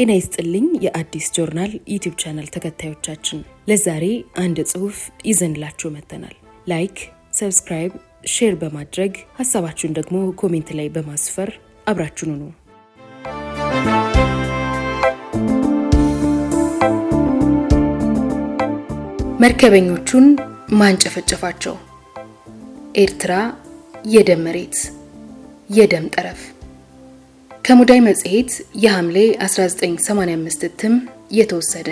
ጤና ይስጥልኝ የአዲስ ጆርናል ዩቲዩብ ቻናል ተከታዮቻችን፣ ለዛሬ አንድ ጽሑፍ ይዘንላችሁ መጥተናል። ላይክ፣ ሰብስክራይብ፣ ሼር በማድረግ ሀሳባችሁን ደግሞ ኮሜንት ላይ በማስፈር አብራችሁን ሁኑ። መርከበኞቹን ማንጨፈጨፋቸው። ኤርትራ የደም መሬት፣ የደም ጠረፍ ከሙዳይ መጽሔት የሐምሌ 1985 እትም የተወሰደ።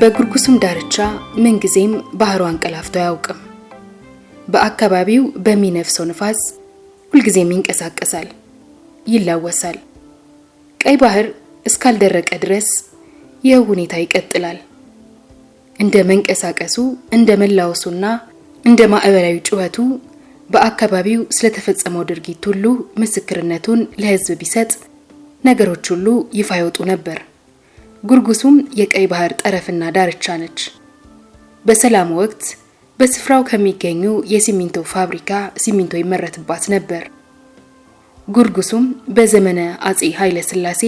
በጉርጉስም ዳርቻ ምንጊዜም ባህሩ አንቀላፍቶ አያውቅም። በአካባቢው በሚነፍሰው ንፋስ ሁልጊዜም ይንቀሳቀሳል፣ ይላወሳል። ቀይ ባህር እስካልደረቀ ድረስ ይህ ሁኔታ ይቀጥላል። እንደ መንቀሳቀሱ፣ እንደ መላወሱና እንደ ማዕበላዊ ጩኸቱ በአካባቢው ስለተፈጸመው ድርጊት ሁሉ ምስክርነቱን ለህዝብ ቢሰጥ ነገሮች ሁሉ ይፋ ይወጡ ነበር። ጉርጉሱም የቀይ ባህር ጠረፍና ዳርቻ ነች። በሰላም ወቅት በስፍራው ከሚገኙ የሲሚንቶ ፋብሪካ ሲሚንቶ ይመረትባት ነበር። ጉርጉሱም በዘመነ አጼ ኃይለ ሥላሴ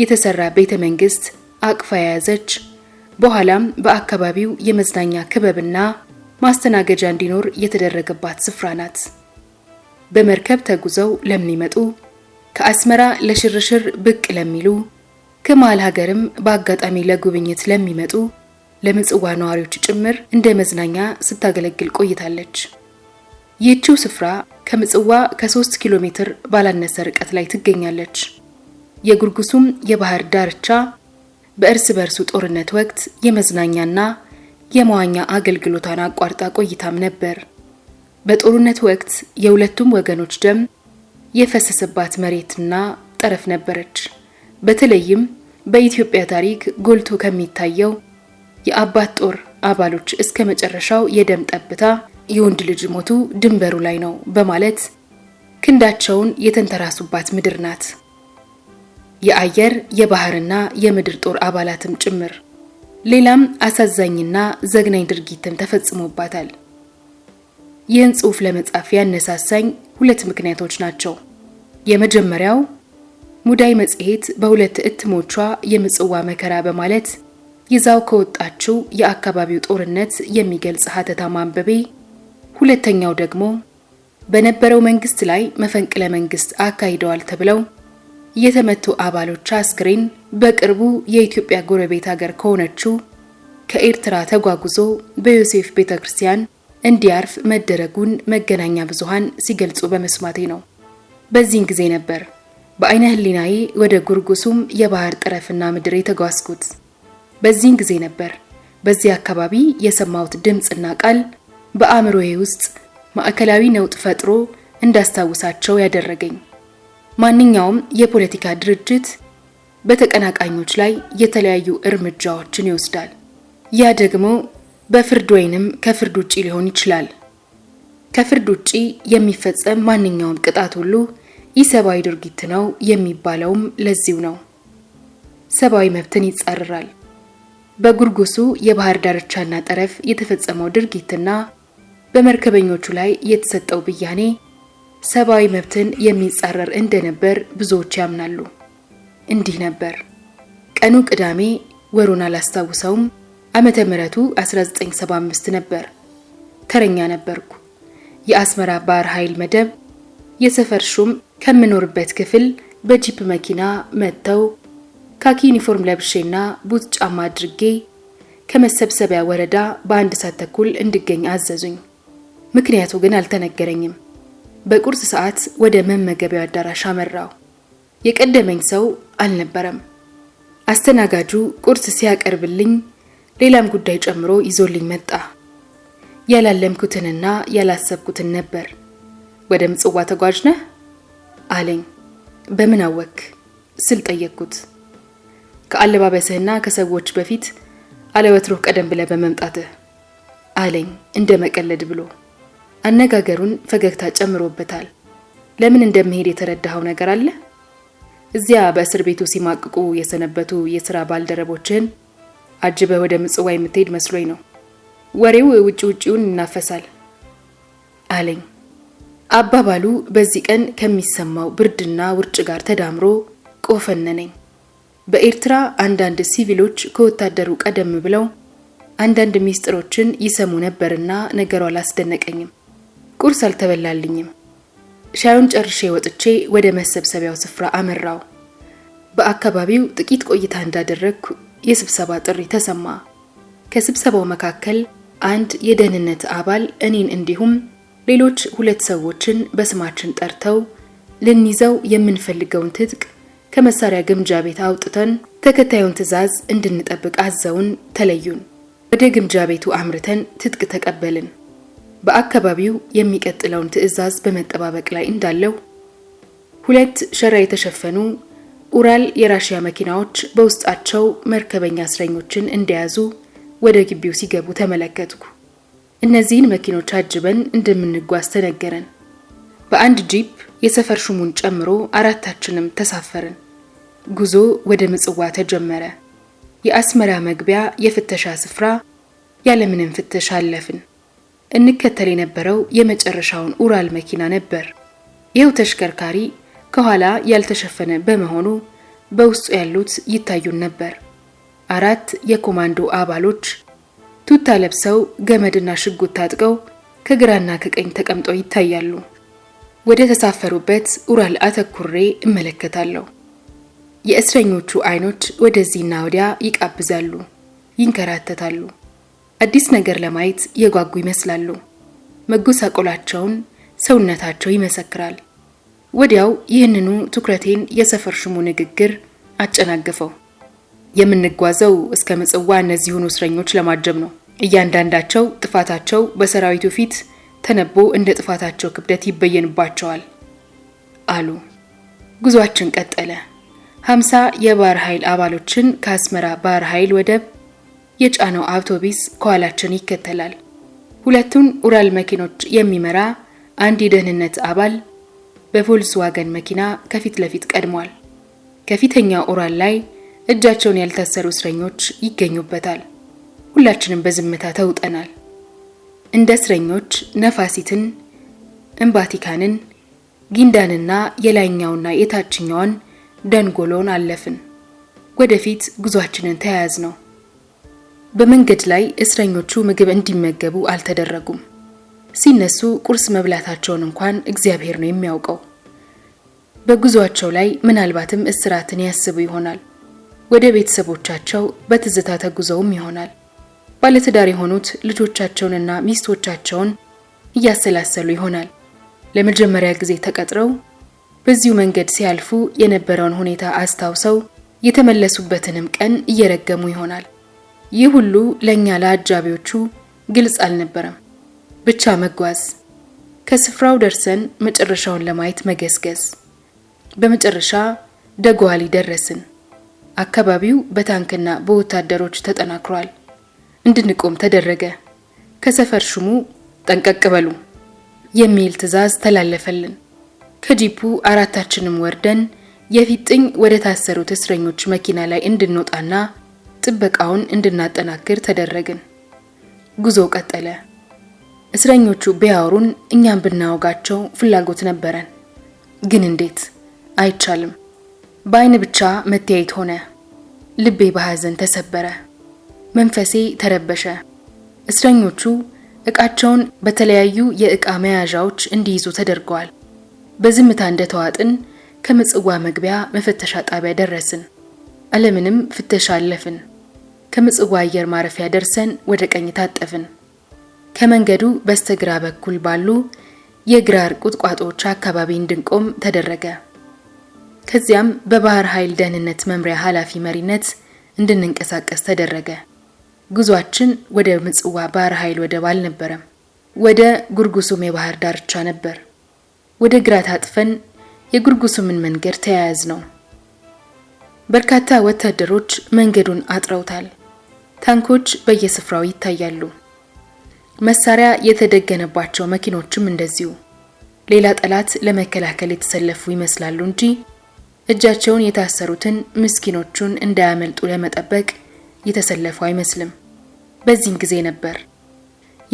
የተሰራ ቤተ መንግስት አቅፋ የያዘች በኋላም በአካባቢው የመዝናኛ ክበብና ማስተናገጃ እንዲኖር የተደረገባት ስፍራ ናት። በመርከብ ተጉዘው ለሚመጡ ከአስመራ ለሽርሽር ብቅ ለሚሉ ከመሃል ሀገርም በአጋጣሚ ለጉብኝት ለሚመጡ ለምጽዋ ነዋሪዎች ጭምር እንደ መዝናኛ ስታገለግል ቆይታለች። ይህችው ስፍራ ከምጽዋ ከ3 ኪሎ ሜትር ባላነሰ ርቀት ላይ ትገኛለች። የጉርጉሱም የባህር ዳርቻ በእርስ በርሱ ጦርነት ወቅት የመዝናኛና የመዋኛ አገልግሎቷን አቋርጣ ቆይታም ነበር። በጦርነት ወቅት የሁለቱም ወገኖች ደም የፈሰሰባት መሬትና ጠረፍ ነበረች። በተለይም በኢትዮጵያ ታሪክ ጎልቶ ከሚታየው የአባት ጦር አባሎች እስከ መጨረሻው የደም ጠብታ የወንድ ልጅ ሞቱ ድንበሩ ላይ ነው በማለት ክንዳቸውን የተንተራሱባት ምድር ናት። የአየር የባህርና የምድር ጦር አባላትም ጭምር። ሌላም አሳዛኝና ዘግናኝ ድርጊትም ተፈጽሞባታል። ይህን ጽሑፍ ለመጻፍ ያነሳሳኝ ሁለት ምክንያቶች ናቸው። የመጀመሪያው ሙዳይ መጽሔት በሁለት እትሞቿ የምጽዋ መከራ በማለት ይዛው ከወጣችው የአካባቢው ጦርነት የሚገልጽ ሀተታ ማንበቤ፣ ሁለተኛው ደግሞ በነበረው መንግስት ላይ መፈንቅለ መንግስት አካሂደዋል ተብለው የተመቱ አባሎች አስክሬን በቅርቡ የኢትዮጵያ ጎረቤት ሀገር ከሆነችው ከኤርትራ ተጓጉዞ በዮሴፍ ቤተ ክርስቲያን እንዲያርፍ መደረጉን መገናኛ ብዙሃን ሲገልጹ በመስማቴ ነው። በዚህን ጊዜ ነበር በአይነ ህሊናዬ ወደ ጉርጉሱም የባህር ጠረፍና ምድር የተጓዝኩት። በዚህን ጊዜ ነበር በዚህ አካባቢ የሰማሁት ድምፅና ቃል በአእምሮዬ ውስጥ ማዕከላዊ ነውጥ ፈጥሮ እንዳስታውሳቸው ያደረገኝ። ማንኛውም የፖለቲካ ድርጅት በተቀናቃኞች ላይ የተለያዩ እርምጃዎችን ይወስዳል። ያ ደግሞ በፍርድ ወይንም ከፍርድ ውጭ ሊሆን ይችላል። ከፍርድ ውጪ የሚፈጸም ማንኛውም ቅጣት ሁሉ ኢሰብአዊ ድርጊት ነው የሚባለውም ለዚሁ ነው። ሰብአዊ መብትን ይጻረራል። በጉርጉሱ የባህር ዳርቻና ጠረፍ የተፈጸመው ድርጊትና በመርከበኞቹ ላይ የተሰጠው ብያኔ ሰብአዊ መብትን የሚጻረር እንደነበር ብዙዎች ያምናሉ። እንዲህ ነበር። ቀኑ ቅዳሜ፣ ወሩን አላስታውሰውም፣ ዓመተ ምሕረቱ 1975 ነበር። ተረኛ ነበርኩ። የአስመራ ባህር ኃይል መደብ የሰፈር ሹም ከምኖርበት ክፍል በጂፕ መኪና መጥተው ካኪ ዩኒፎርም ለብሼና ቡት ጫማ አድርጌ ከመሰብሰቢያ ወረዳ በአንድ ሰዓት ተኩል እንድገኝ አዘዙኝ። ምክንያቱ ግን አልተነገረኝም። በቁርስ ሰዓት ወደ መመገቢያው አዳራሽ አመራው። የቀደመኝ ሰው አልነበረም። አስተናጋጁ ቁርስ ሲያቀርብልኝ ሌላም ጉዳይ ጨምሮ ይዞልኝ መጣ። ያላለምኩትንና ያላሰብኩትን ነበር። ወደ ምጽዋ ተጓዥ ነህ አለኝ። በምን አወክ ስል ጠየቅኩት። ከአለባበስህና ከሰዎች በፊት አለወትሮህ ቀደም ብለህ በመምጣትህ አለኝ እንደ መቀለድ ብሎ አነጋገሩን ፈገግታ ጨምሮበታል። ለምን እንደምሄድ የተረዳኸው ነገር አለ? እዚያ በእስር ቤቱ ሲማቅቁ የሰነበቱ የሥራ ባልደረቦችህን አጅበህ ወደ ምጽዋ የምትሄድ መስሎኝ ነው። ወሬው ውጭ ውጭውን ይናፈሳል አለኝ። አባባሉ በዚህ ቀን ከሚሰማው ብርድና ውርጭ ጋር ተዳምሮ ቆፈነነኝ። በኤርትራ አንዳንድ ሲቪሎች ከወታደሩ ቀደም ብለው አንዳንድ ሚስጥሮችን ይሰሙ ነበርና ነገሩ አላስደነቀኝም። ቁርስ አልተበላልኝም። ሻዩን ጨርሼ ወጥቼ ወደ መሰብሰቢያው ስፍራ አመራው። በአካባቢው ጥቂት ቆይታ እንዳደረግኩ የስብሰባ ጥሪ ተሰማ። ከስብሰባው መካከል አንድ የደህንነት አባል እኔን እንዲሁም ሌሎች ሁለት ሰዎችን በስማችን ጠርተው ልንይዘው የምንፈልገውን ትጥቅ ከመሳሪያ ግምጃ ቤት አውጥተን ተከታዩን ትዕዛዝ እንድንጠብቅ አዘውን፣ ተለዩን። ወደ ግምጃ ቤቱ አምርተን ትጥቅ ተቀበልን። በአካባቢው የሚቀጥለውን ትዕዛዝ በመጠባበቅ ላይ እንዳለው ሁለት ሸራ የተሸፈኑ ኡራል የራሽያ መኪናዎች በውስጣቸው መርከበኛ እስረኞችን እንደያዙ ወደ ግቢው ሲገቡ ተመለከትኩ። እነዚህን መኪኖች አጅበን እንደምንጓዝ ተነገረን። በአንድ ጂፕ የሰፈር ሹሙን ጨምሮ አራታችንም ተሳፈርን። ጉዞ ወደ ምጽዋ ተጀመረ። የአስመራ መግቢያ የፍተሻ ስፍራ ያለምንም ፍተሻ አለፍን። እንከተል የነበረው የመጨረሻውን ኡራል መኪና ነበር። ይኸው ተሽከርካሪ ከኋላ ያልተሸፈነ በመሆኑ በውስጡ ያሉት ይታዩን ነበር። አራት የኮማንዶ አባሎች ቱታ ለብሰው ገመድና ሽጉጥ ታጥቀው ከግራና ከቀኝ ተቀምጠው ይታያሉ። ወደ ተሳፈሩበት ኡራል አተኩሬ እመለከታለሁ። የእስረኞቹ አይኖች ወደዚህና ወዲያ ይቃብዛሉ፣ ይንከራተታሉ። አዲስ ነገር ለማየት የጓጉ ይመስላሉ። መጎሳቆላቸውን ሰውነታቸው ይመሰክራል። ወዲያው ይህንኑ ትኩረቴን የሰፈር ሽሙ ንግግር አጨናገፈው። የምንጓዘው እስከ ምጽዋ እነዚሁን እስረኞች ለማጀብ ነው። እያንዳንዳቸው ጥፋታቸው በሰራዊቱ ፊት ተነቦ እንደ ጥፋታቸው ክብደት ይበየንባቸዋል አሉ። ጉዟችን ቀጠለ። ሀምሳ የባህር ኃይል አባሎችን ከአስመራ ባህር ኃይል ወደብ የጫነው አውቶቢስ ከኋላችን ይከተላል። ሁለቱን ኡራል መኪኖች የሚመራ አንድ የደህንነት አባል በቮልስዋገን መኪና ከፊት ለፊት ቀድሟል። ከፊተኛው ኡራል ላይ እጃቸውን ያልታሰሩ እስረኞች ይገኙበታል። ሁላችንም በዝምታ ተውጠናል። እንደ እስረኞች ነፋሲትን፣ እምባቲካንን፣ ጊንዳንና የላይኛውና የታችኛውን ደንጎሎን አለፍን። ወደፊት ጉዟችንን ተያያዝ ነው። በመንገድ ላይ እስረኞቹ ምግብ እንዲመገቡ አልተደረጉም። ሲነሱ ቁርስ መብላታቸውን እንኳን እግዚአብሔር ነው የሚያውቀው። በጉዟቸው ላይ ምናልባትም እስራትን ያስቡ ይሆናል። ወደ ቤተሰቦቻቸው በትዝታ ተጉዘውም ይሆናል። ባለትዳር የሆኑት ልጆቻቸውንና ሚስቶቻቸውን እያሰላሰሉ ይሆናል። ለመጀመሪያ ጊዜ ተቀጥረው በዚሁ መንገድ ሲያልፉ የነበረውን ሁኔታ አስታውሰው የተመለሱበትንም ቀን እየረገሙ ይሆናል። ይህ ሁሉ ለእኛ ለአጃቢዎቹ ግልጽ አልነበረም። ብቻ መጓዝ፣ ከስፍራው ደርሰን መጨረሻውን ለማየት መገስገስ። በመጨረሻ ደጓሊ ደረስን። አካባቢው በታንክና በወታደሮች ተጠናክሯል። እንድንቆም ተደረገ። ከሰፈር ሹሙ ጠንቀቅ በሉ የሚል ትዕዛዝ ተላለፈልን። ከጂፑ አራታችንም ወርደን የፊጥኝ ወደ ታሰሩት እስረኞች መኪና ላይ እንድንወጣና ጥበቃውን እንድናጠናክር ተደረግን። ጉዞ ቀጠለ። እስረኞቹ ቢያወሩን እኛም ብናወጋቸው ፍላጎት ነበረን። ግን እንዴት አይቻልም። በአይን ብቻ መተያየት ሆነ። ልቤ በሐዘን ተሰበረ። መንፈሴ ተረበሸ። እስረኞቹ ዕቃቸውን በተለያዩ የዕቃ መያዣዎች እንዲይዙ ተደርገዋል። በዝምታ እንደተዋጥን ከምጽዋ መግቢያ መፈተሻ ጣቢያ ደረስን። አለምንም ፍተሻ አለፍን። ከምጽዋ አየር ማረፊያ ደርሰን ወደ ቀኝ ታጠፍን። ከመንገዱ በስተግራ በኩል ባሉ የግራር ቁጥቋጦዎች አካባቢ እንድንቆም ተደረገ። ከዚያም በባህር ኃይል ደህንነት መምሪያ ኃላፊ መሪነት እንድንንቀሳቀስ ተደረገ። ጉዟችን ወደ ምጽዋ ባህር ኃይል ወደብ አልነበረም፣ ወደ ጉርጉሱም የባህር ዳርቻ ነበር። ወደ ግራ ታጥፈን የጉርጉሱምን መንገድ ተያያዝ ነው። በርካታ ወታደሮች መንገዱን አጥረውታል። ታንኮች በየስፍራው ይታያሉ። መሳሪያ የተደገነባቸው መኪኖችም እንደዚሁ። ሌላ ጠላት ለመከላከል የተሰለፉ ይመስላሉ እንጂ እጃቸውን የታሰሩትን ምስኪኖቹን እንዳያመልጡ ለመጠበቅ የተሰለፉ አይመስልም። በዚህም ጊዜ ነበር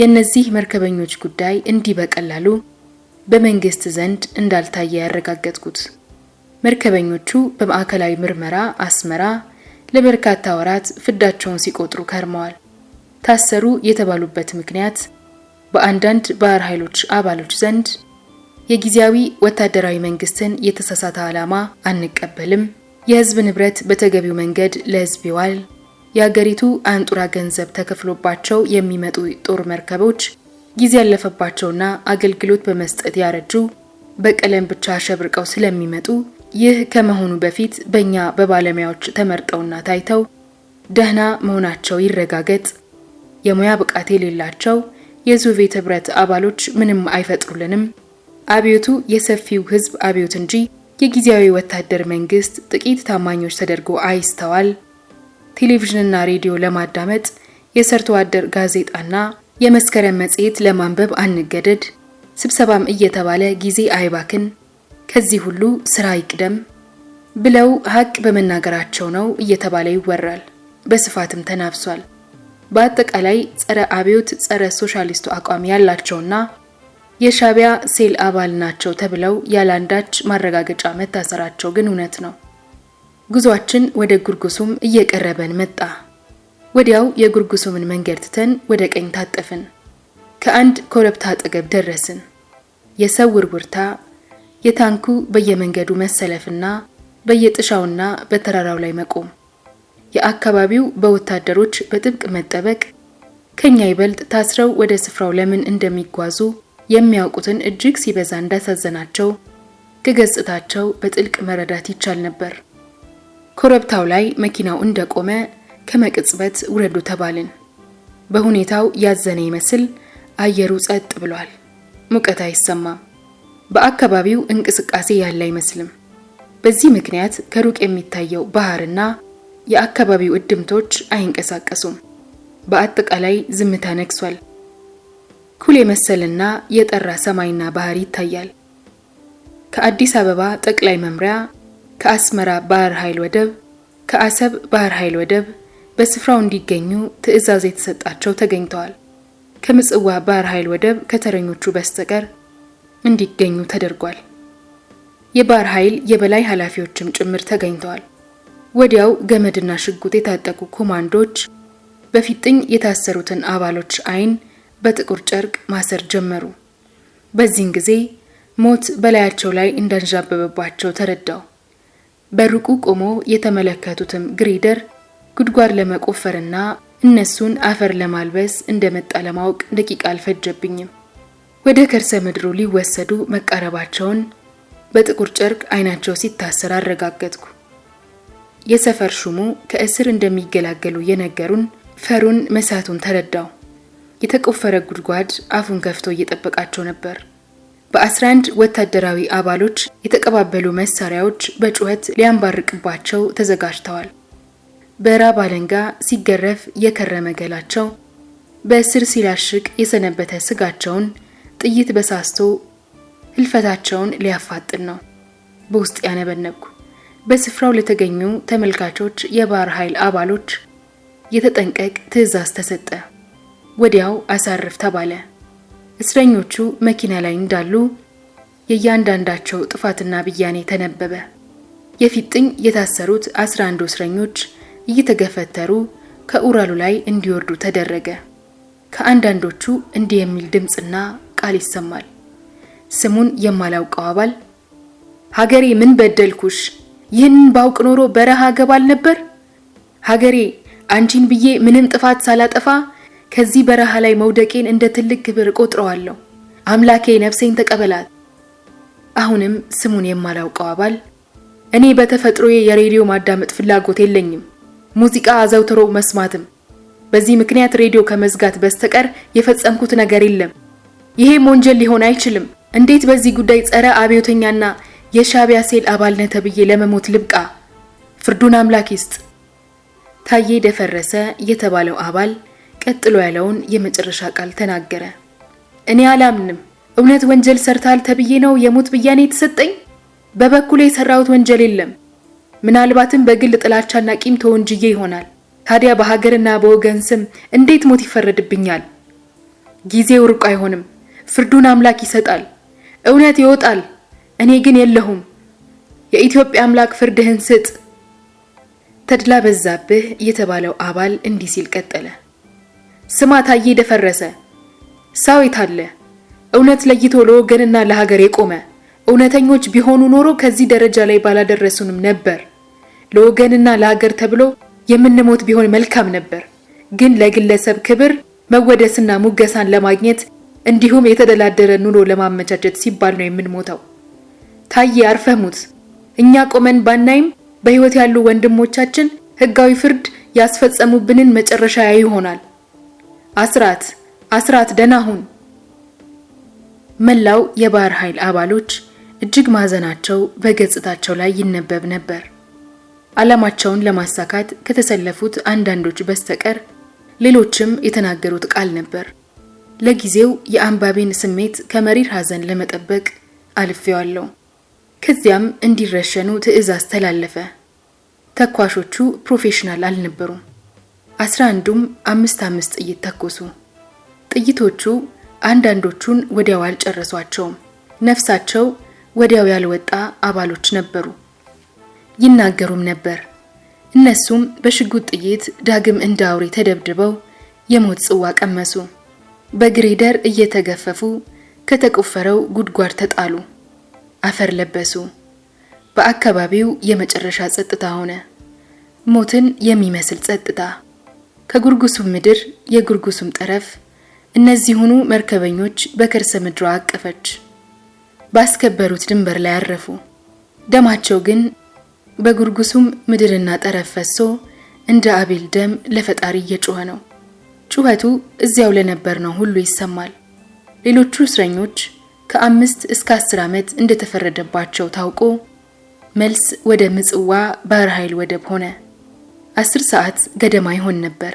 የእነዚህ መርከበኞች ጉዳይ እንዲህ በቀላሉ በመንግስት ዘንድ እንዳልታየ ያረጋገጥኩት። መርከበኞቹ በማዕከላዊ ምርመራ አስመራ ለበርካታ ወራት ፍዳቸውን ሲቆጥሩ ከርመዋል። ታሰሩ የተባሉበት ምክንያት በአንዳንድ ባህር ኃይሎች አባሎች ዘንድ የጊዜያዊ ወታደራዊ መንግስትን የተሳሳተ ዓላማ አንቀበልም፣ የህዝብ ንብረት በተገቢው መንገድ ለህዝብ ይዋል፣ የአገሪቱ አንጡራ ገንዘብ ተከፍሎባቸው የሚመጡ ጦር መርከቦች ጊዜ ያለፈባቸውና አገልግሎት በመስጠት ያረጁ በቀለም ብቻ አሸብርቀው ስለሚመጡ ይህ ከመሆኑ በፊት በእኛ በባለሙያዎች ተመርጠውና ታይተው ደህና መሆናቸው ይረጋገጥ። የሙያ ብቃት የሌላቸው ቤት ህብረት አባሎች ምንም አይፈጥሩልንም። አብዮቱ የሰፊው ህዝብ አብዮት እንጂ የጊዜያዊ ወታደር መንግስት ጥቂት ታማኞች ተደርጎ አይስተዋል። ቴሌቪዥንና ሬዲዮ ለማዳመጥ የሰርቶ አደር ጋዜጣና የመስከረም መጽሔት ለማንበብ አንገደድ። ስብሰባም እየተባለ ጊዜ አይባክን። ከዚህ ሁሉ ስራ ይቅደም ብለው ሀቅ በመናገራቸው ነው እየተባለ ይወራል፣ በስፋትም ተናብሷል። በአጠቃላይ ጸረ አብዮት ጸረ ሶሻሊስቱ አቋም ያላቸውና የሻቢያ ሴል አባል ናቸው ተብለው ያለአንዳች ማረጋገጫ መታሰራቸው ግን እውነት ነው። ጉዟችን ወደ ጉርጉሱም እየቀረበን መጣ። ወዲያው የጉርጉሱምን መንገድ ትተን ወደ ቀኝ ታጠፍን። ከአንድ ኮረብታ አጠገብ ደረስን። የሰው ውርውርታ፣ የታንኩ በየመንገዱ መሰለፍና በየጥሻውና በተራራው ላይ መቆም፣ የአካባቢው በወታደሮች በጥብቅ መጠበቅ፣ ከኛ ይበልጥ ታስረው ወደ ስፍራው ለምን እንደሚጓዙ የሚያውቁትን እጅግ ሲበዛ እንዳሳዘናቸው ከገጽታቸው በጥልቅ መረዳት ይቻል ነበር። ኮረብታው ላይ መኪናው እንደቆመ ከመቅጽበት ውረዱ ተባልን። በሁኔታው ያዘነ ይመስል አየሩ ጸጥ ብሏል። ሙቀት አይሰማም። በአካባቢው እንቅስቃሴ ያለ አይመስልም። በዚህ ምክንያት ከሩቅ የሚታየው ባህርና የአካባቢው እድምቶች አይንቀሳቀሱም። በአጠቃላይ ዝምታ ነግሷል። ኩል የመሰልና የጠራ ሰማይና ባህር ይታያል። ከአዲስ አበባ ጠቅላይ መምሪያ፣ ከአስመራ ባህር ኃይል ወደብ፣ ከአሰብ ባህር ኃይል ወደብ በስፍራው እንዲገኙ ትዕዛዝ የተሰጣቸው ተገኝተዋል። ከምጽዋ ባህር ኃይል ወደብ ከተረኞቹ በስተቀር እንዲገኙ ተደርጓል። የባህር ኃይል የበላይ ኃላፊዎችም ጭምር ተገኝተዋል። ወዲያው ገመድና ሽጉጥ የታጠቁ ኮማንዶዎች በፊጥኝ የታሰሩትን አባሎች አይን በጥቁር ጨርቅ ማሰር ጀመሩ። በዚህን ጊዜ ሞት በላያቸው ላይ እንዳንዣበበባቸው ተረዳው። በሩቁ ቆሞ የተመለከቱትም ግሬደር ጉድጓድ ለመቆፈርና እነሱን አፈር ለማልበስ እንደመጣ ለማወቅ ደቂቃ አልፈጀብኝም። ወደ ከርሰ ምድሩ ሊወሰዱ መቃረባቸውን በጥቁር ጨርቅ አይናቸው ሲታሰር አረጋገጥኩ። የሰፈር ሹሙ ከእስር እንደሚገላገሉ የነገሩን ፈሩን መሳቱን ተረዳው። የተቆፈረ ጉድጓድ አፉን ከፍቶ እየጠበቃቸው ነበር። በ11 ወታደራዊ አባሎች የተቀባበሉ መሳሪያዎች በጩኸት ሊያንባርቅባቸው ተዘጋጅተዋል። በራብ አለንጋ ሲገረፍ የከረመ ገላቸው በእስር ሲላሽቅ የሰነበተ ስጋቸውን ጥይት በሳስቶ ህልፈታቸውን ሊያፋጥን ነው በውስጥ ያነበነብኩ። በስፍራው ለተገኙ ተመልካቾች የባህር ኃይል አባሎች የተጠንቀቅ ትዕዛዝ ተሰጠ። ወዲያው አሳርፍ ተባለ። እስረኞቹ መኪና ላይ እንዳሉ የእያንዳንዳቸው ጥፋትና ብያኔ ተነበበ። የፊጥኝ የታሰሩት አስራ እስረኞች እየተገፈተሩ ከኡራሉ ላይ እንዲወርዱ ተደረገ። ከአንዳንዶቹ እንዲህ የሚል ድምፅና ቃል ይሰማል። ስሙን የማላውቀው አባል ሀገሬ ምን በደልኩሽ? ይህንን ባውቅ ኖሮ በረሃ ገባል ነበር። ሀገሬ አንቺን ብዬ ምንም ጥፋት ሳላጠፋ ከዚህ በረሃ ላይ መውደቄን እንደ ትልቅ ክብር ቆጥረዋለሁ። አምላኬ ነፍሴን ተቀበላት። አሁንም ስሙን የማላውቀው አባል እኔ በተፈጥሮዬ የሬዲዮ ማዳመጥ ፍላጎት የለኝም፣ ሙዚቃ አዘውትሮ መስማትም። በዚህ ምክንያት ሬዲዮ ከመዝጋት በስተቀር የፈጸምኩት ነገር የለም። ይሄም ወንጀል ሊሆን አይችልም። እንዴት በዚህ ጉዳይ ጸረ አብዮተኛና የሻቢያ ሴል አባል ነህ ተብዬ ለመሞት ልብቃ? ፍርዱን አምላክ ይስጥ። ታዬ ደፈረሰ የተባለው አባል ቀጥሎ ያለውን የመጨረሻ ቃል ተናገረ። እኔ አላምንም። እውነት ወንጀል ሰርታል ተብዬ ነው የሞት ብያኔ የተሰጠኝ? በበኩሌ የሰራሁት ወንጀል የለም። ምናልባትም በግል ጥላቻና ቂም ተወንጅዬ ይሆናል። ታዲያ በሀገርና በወገን ስም እንዴት ሞት ይፈረድብኛል? ጊዜው ሩቅ አይሆንም። ፍርዱን አምላክ ይሰጣል፣ እውነት ይወጣል፣ እኔ ግን የለሁም። የኢትዮጵያ አምላክ ፍርድህን ስጥ። ተድላ በዛብህ የተባለው አባል እንዲህ ሲል ቀጠለ። ስማ ታዬ ደፈረሰ ሰው የታለ? እውነት ለይቶ ለወገንና ለሀገር የቆመ እውነተኞች ቢሆኑ ኖሮ ከዚህ ደረጃ ላይ ባላደረሱንም ነበር። ለወገንና ለሀገር ተብሎ የምንሞት ቢሆን መልካም ነበር። ግን ለግለሰብ ክብር መወደስና ሙገሳን ለማግኘት እንዲሁም የተደላደረ ኑሮ ለማመቻቸት ሲባል ነው የምንሞተው። ታዬ አርፈህ ሙት። እኛ ቆመን ባናይም በህይወት ያሉ ወንድሞቻችን ህጋዊ ፍርድ ያስፈጸሙብንን መጨረሻ ያይ ይሆናል። አስራት አስራት፣ ደህና ሁን። መላው የባህር ኃይል አባሎች እጅግ ማዘናቸው በገጽታቸው ላይ ይነበብ ነበር። ዓላማቸውን ለማሳካት ከተሰለፉት አንዳንዶች በስተቀር ሌሎችም የተናገሩት ቃል ነበር። ለጊዜው የአንባቤን ስሜት ከመሪር ሐዘን ለመጠበቅ አልፌዋለሁ። ከዚያም እንዲረሸኑ ትዕዛዝ ተላለፈ። ተኳሾቹ ፕሮፌሽናል አልነበሩም። አስራ አንዱም አምስት አምስት ጥይት ተኮሱ። ጥይቶቹ አንዳንዶቹን ወዲያው አልጨረሷቸውም። ነፍሳቸው ወዲያው ያልወጣ አባሎች ነበሩ። ይናገሩም ነበር። እነሱም በሽጉጥ ጥይት ዳግም እንደ አውሬ ተደብድበው የሞት ጽዋ ቀመሱ። በግሬደር እየተገፈፉ ከተቆፈረው ጉድጓድ ተጣሉ፣ አፈር ለበሱ። በአካባቢው የመጨረሻ ጸጥታ ሆነ፣ ሞትን የሚመስል ጸጥታ። ከጉርጉሱም ምድር የጉርጉሱም ጠረፍ እነዚሁኑ መርከበኞች በከርሰ ምድሯ አቀፈች። ባስከበሩት ድንበር ላይ አረፉ። ደማቸው ግን በጉርጉሱም ምድርና ጠረፍ ፈሶ እንደ አቤል ደም ለፈጣሪ እየጮኸ ነው። ጩኸቱ እዚያው ለነበር ነው ሁሉ ይሰማል። ሌሎቹ እስረኞች ከአምስት እስከ አስር ዓመት እንደተፈረደባቸው ታውቆ መልስ ወደ ምጽዋ ባህር ኃይል ወደብ ሆነ። አስር ሰዓት ገደማ ይሆን ነበር።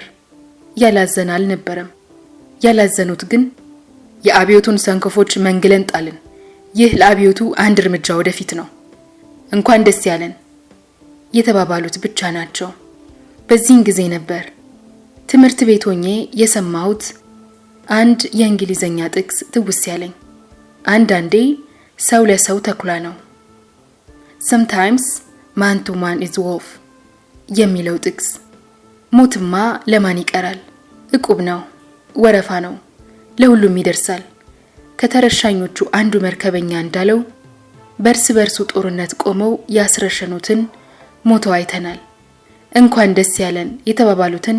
ያላዘን አልነበረም። ያላዘኑት ግን የአብዮቱን ሰንከፎች መንግለን ጣልን። ይህ ለአብዮቱ አንድ እርምጃ ወደፊት ነው። እንኳን ደስ ያለን የተባባሉት ብቻ ናቸው። በዚህን ጊዜ ነበር ትምህርት ቤት ሆኜ የሰማሁት አንድ የእንግሊዘኛ ጥቅስ ትውስ ያለኝ፣ አንዳንዴ ሰው ለሰው ተኩላ ነው፣ ሰምታይምስ ማን ቱ ማን ኢዝ ወፍ የሚለው ጥቅስ ሞትማ ለማን ይቀራል? እቁብ ነው፣ ወረፋ ነው፣ ለሁሉም ይደርሳል። ከተረሻኞቹ አንዱ መርከበኛ እንዳለው በእርስ በርሱ ጦርነት ቆመው ያስረሸኑትን ሞተው አይተናል። እንኳን ደስ ያለን የተባባሉትን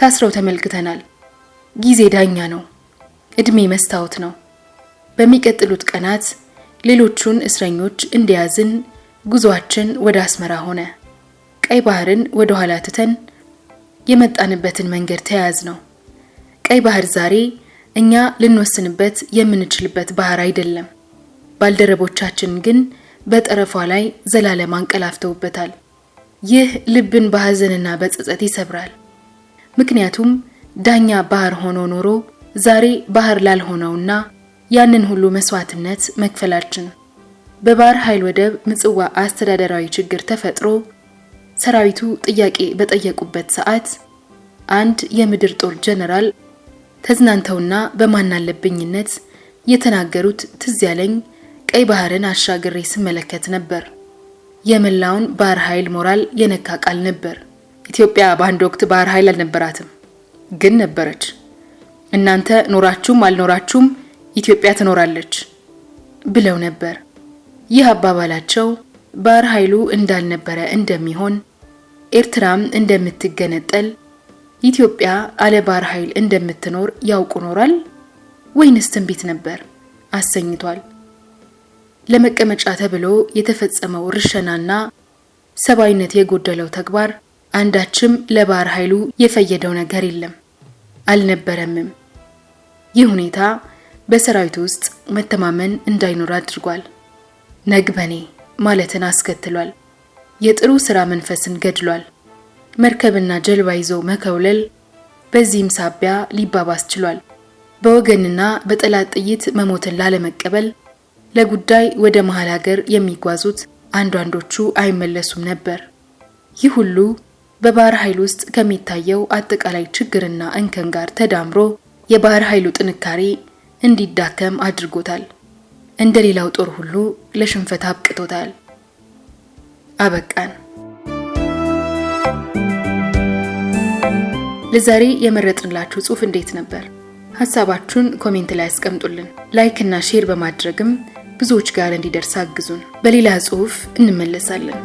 ታስረው ተመልክተናል። ጊዜ ዳኛ ነው። እድሜ መስታወት ነው። በሚቀጥሉት ቀናት ሌሎቹን እስረኞች እንዲያዝን ጉዞአችን ወደ አስመራ ሆነ። ቀይ ባህርን ወደ ኋላ ትተን የመጣንበትን መንገድ ተያያዝ ነው። ቀይ ባህር ዛሬ እኛ ልንወስንበት የምንችልበት ባህር አይደለም። ባልደረቦቻችን ግን በጠረፏ ላይ ዘላለም አንቀላፍተውበታል። ይህ ልብን በሐዘንና በጸጸት ይሰብራል። ምክንያቱም ዳኛ ባህር ሆኖ ኖሮ ዛሬ ባህር ላልሆነውና ያንን ሁሉ መስዋዕትነት መክፈላችን። በባህር ኃይል ወደብ ምጽዋ አስተዳደራዊ ችግር ተፈጥሮ ሰራዊቱ ጥያቄ በጠየቁበት ሰዓት አንድ የምድር ጦር ጀነራል ተዝናንተውና በማናለብኝነት የተናገሩት ትዝ ያለኝ ቀይ ባህርን አሻግሬ ስመለከት ነበር። የመላውን ባህር ኃይል ሞራል የነካ ቃል ነበር። ኢትዮጵያ በአንድ ወቅት ባህር ኃይል አልነበራትም፣ ግን ነበረች። እናንተ ኖራችሁም አልኖራችሁም ኢትዮጵያ ትኖራለች ብለው ነበር። ይህ አባባላቸው ባህር ኃይሉ እንዳልነበረ እንደሚሆን፣ ኤርትራም እንደምትገነጠል፣ ኢትዮጵያ አለ ባህር ኃይል እንደምትኖር ያውቁ ኖራል። ወይንስ ትንቢት ነበር አሰኝቷል። ለመቀመጫ ተብሎ የተፈጸመው ርሸናና ሰብአዊነት የጎደለው ተግባር አንዳችም ለባህር ኃይሉ የፈየደው ነገር የለም አልነበረምም። ይህ ሁኔታ በሰራዊቱ ውስጥ መተማመን እንዳይኖር አድርጓል። ነግበኔ ማለትን አስከትሏል። የጥሩ ስራ መንፈስን ገድሏል። መርከብና ጀልባ ይዞ መከውለል በዚህም ሳቢያ ሊባባስ ችሏል። በወገንና በጠላት ጥይት መሞትን ላለመቀበል ለጉዳይ ወደ መሃል ሀገር የሚጓዙት አንዳንዶቹ አይመለሱም ነበር። ይህ ሁሉ በባህር ኃይል ውስጥ ከሚታየው አጠቃላይ ችግርና እንከን ጋር ተዳምሮ የባህር ኃይሉ ጥንካሬ እንዲዳከም አድርጎታል። እንደ ሌላው ጦር ሁሉ ለሽንፈት አብቅቶታል። አበቃን። ለዛሬ የመረጥንላችሁ ጽሑፍ እንዴት ነበር? ሀሳባችሁን ኮሜንት ላይ አስቀምጡልን። ላይክ እና ሼር በማድረግም ብዙዎች ጋር እንዲደርስ አግዙን። በሌላ ጽሁፍ እንመለሳለን።